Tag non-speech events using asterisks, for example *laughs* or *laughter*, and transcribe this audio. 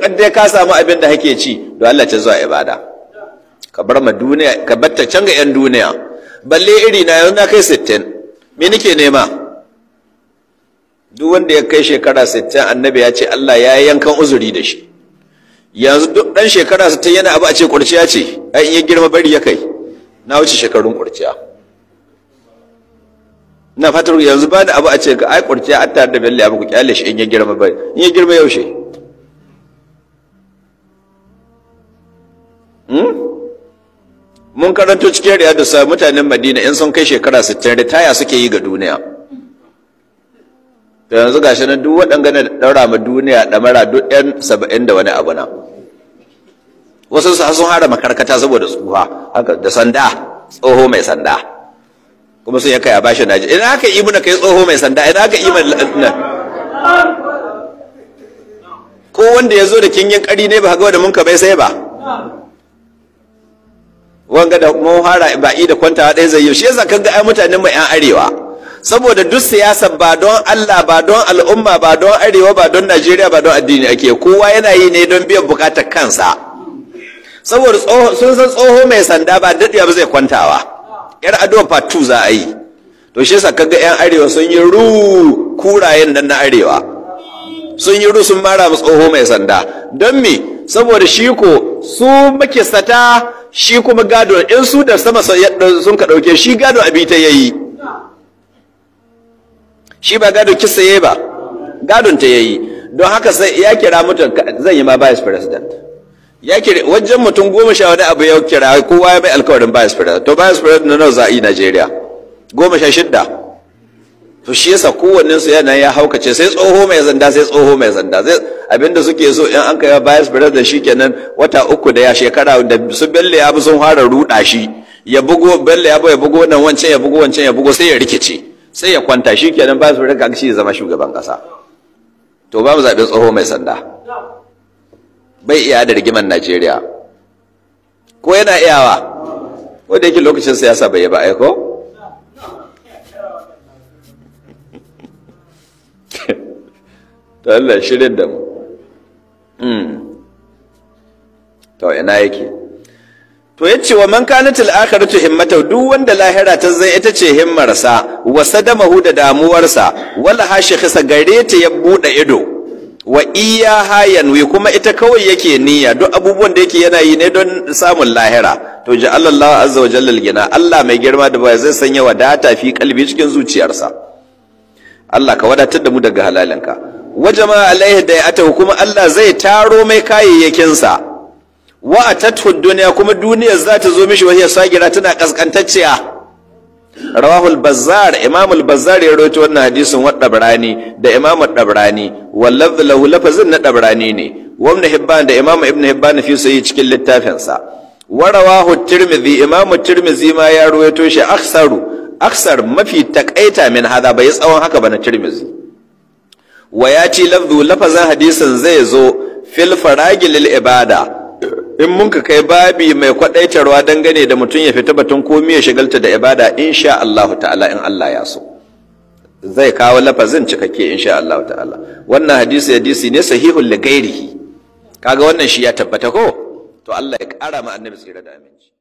kan ya ka samu abin da hake ci don Allah ta zuwa ibada ka bar ma duniya ka batta can ga 'yan duniya balle iri na yau na kai sittin me nake nema duk wanda ya kai shekara sittin annabi ya ce Allah ya yi yankan uzuri da shi yanzu duk ɗan shekara sittin yana abu a ce kurciya ce ai iya girma bari ya kai na wuce shekarun kurciya na fatar yanzu ba da abu a ce ga ai kurciya a tare da belle abu ku kyale shi in ya girma bai in ya girma yaushe hmm? mun karanto cikin da sa mutanen madina in sun kai shekara 60 ritaya suke yi ga duniya da yanzu gashi na duk waɗanda da ɗaura ma duniya ɗamara duk 'yan saba'in da wani abu na wasu sun hara makarkata saboda tsuha haka da sanda tsoho mai sanda kuma sun ya kai a bashi naji idan yi muna kai tsoho mai sanda idan haka yi nan ko wanda ya zo da kingin kari ne ba ga wadda mun ka bai sai ba wanga da mohara ba'i da kwanta ɗaya zai yi shi yasa kan ga ai mutanen mai yan arewa saboda duk siyasa ba don Allah ba don al'umma ba don arewa ba don Najeriya ba don addini ake kowa yana yi ne don biyan bukatar kansa saboda sun san tsoho mai sanda ba daɗewa ba zai kwantawa yar aduwa part 2 za a yi to shi yasa kaga yan arewa sun yi ru kurayen nan na arewa sun yi ru sun mara musu tsoho mai sanda don me saboda shi ko su sata shi kuma gado in su da sama sun ka dauke shi gado abi ta yayi shi ba gado kisa yayi ba gadon ta yayi don haka sai ya kira mutum zan yi ma vice president ya kira wajen mutum goma sha wani abu ya kira kowa ya mai alkawarin bias spread to bias spread na nawa za'i Najeriya goma sha shidda to shi yasa kowannen su yana ya haukace sai tsoho mai zanda sai tsoho mai zanda sai abinda suke so in an kai bias spread da shikenan wata uku da ya shekara da su belle ya bu sun fara ruda shi ya bugo belle ya ya bugo nan wancan ya bugo wancan ya bugo sai ya rikice sai ya kwanta shikenan bias spread ga shi zama shugaban kasa to ba mu zaɓi tsoho mai sanda bai iya da rigimar Najeriya ko yana iyawa ko da yake lokacin siyasa bai yi ba aiko *laughs* ta Allah shirin da mu hmm. ta ina yake to ya ce wa man kanatil tu himmata duk wanda lahira ta zai ita ce himmarsa wasa damahu da damuwarsa wala hashe khisa gare ta ya buɗe ido wa hayan wi kuma ita kawai yake niyya duk abubuwan da yake yana yi ne don samun lahira to Allah azza wa jalla gina Allah mai girma da baya zai sanya wadata fi kalbi cikin zuciyarsa Allah ka wadatar da mu daga halalinka wa jama'a alaihi da ya kuma Allah zai taro mai kayayyakin sa wa atatu duniya kuma duniyar za ta zo mishi wahiya sagira tana kaskantacciya rawahul bazzar imamul bazzar ya rawaito wannan hadisin wa dabrani da imamu dabrani wallaf lahu lafazin na dabrani ne wa ibn hibban da imamu ibn hibban fi sai cikin littafinsa. sa wa rawahu tirmidhi imamu tirmidhi ma ya rawaito shi aksaru aksar mafi takaita min hada bai tsawon haka ba na tirmidhi wa ya ci lafzu hadisin zai zo fil faragilil ibada in mun ka kai babi mai kwaɗaitarwa dangane da mutum ya fita batun komi ya shigalta da ibada insha Allah ta'ala in Allah ya so zai kawo lafazin cikakke insha Allah ta'ala wannan hadisi hadisi ne sahihul li ghairihi kaga wannan shi ya tabbata ko to Allah ya kara mu annabi tsira da aminci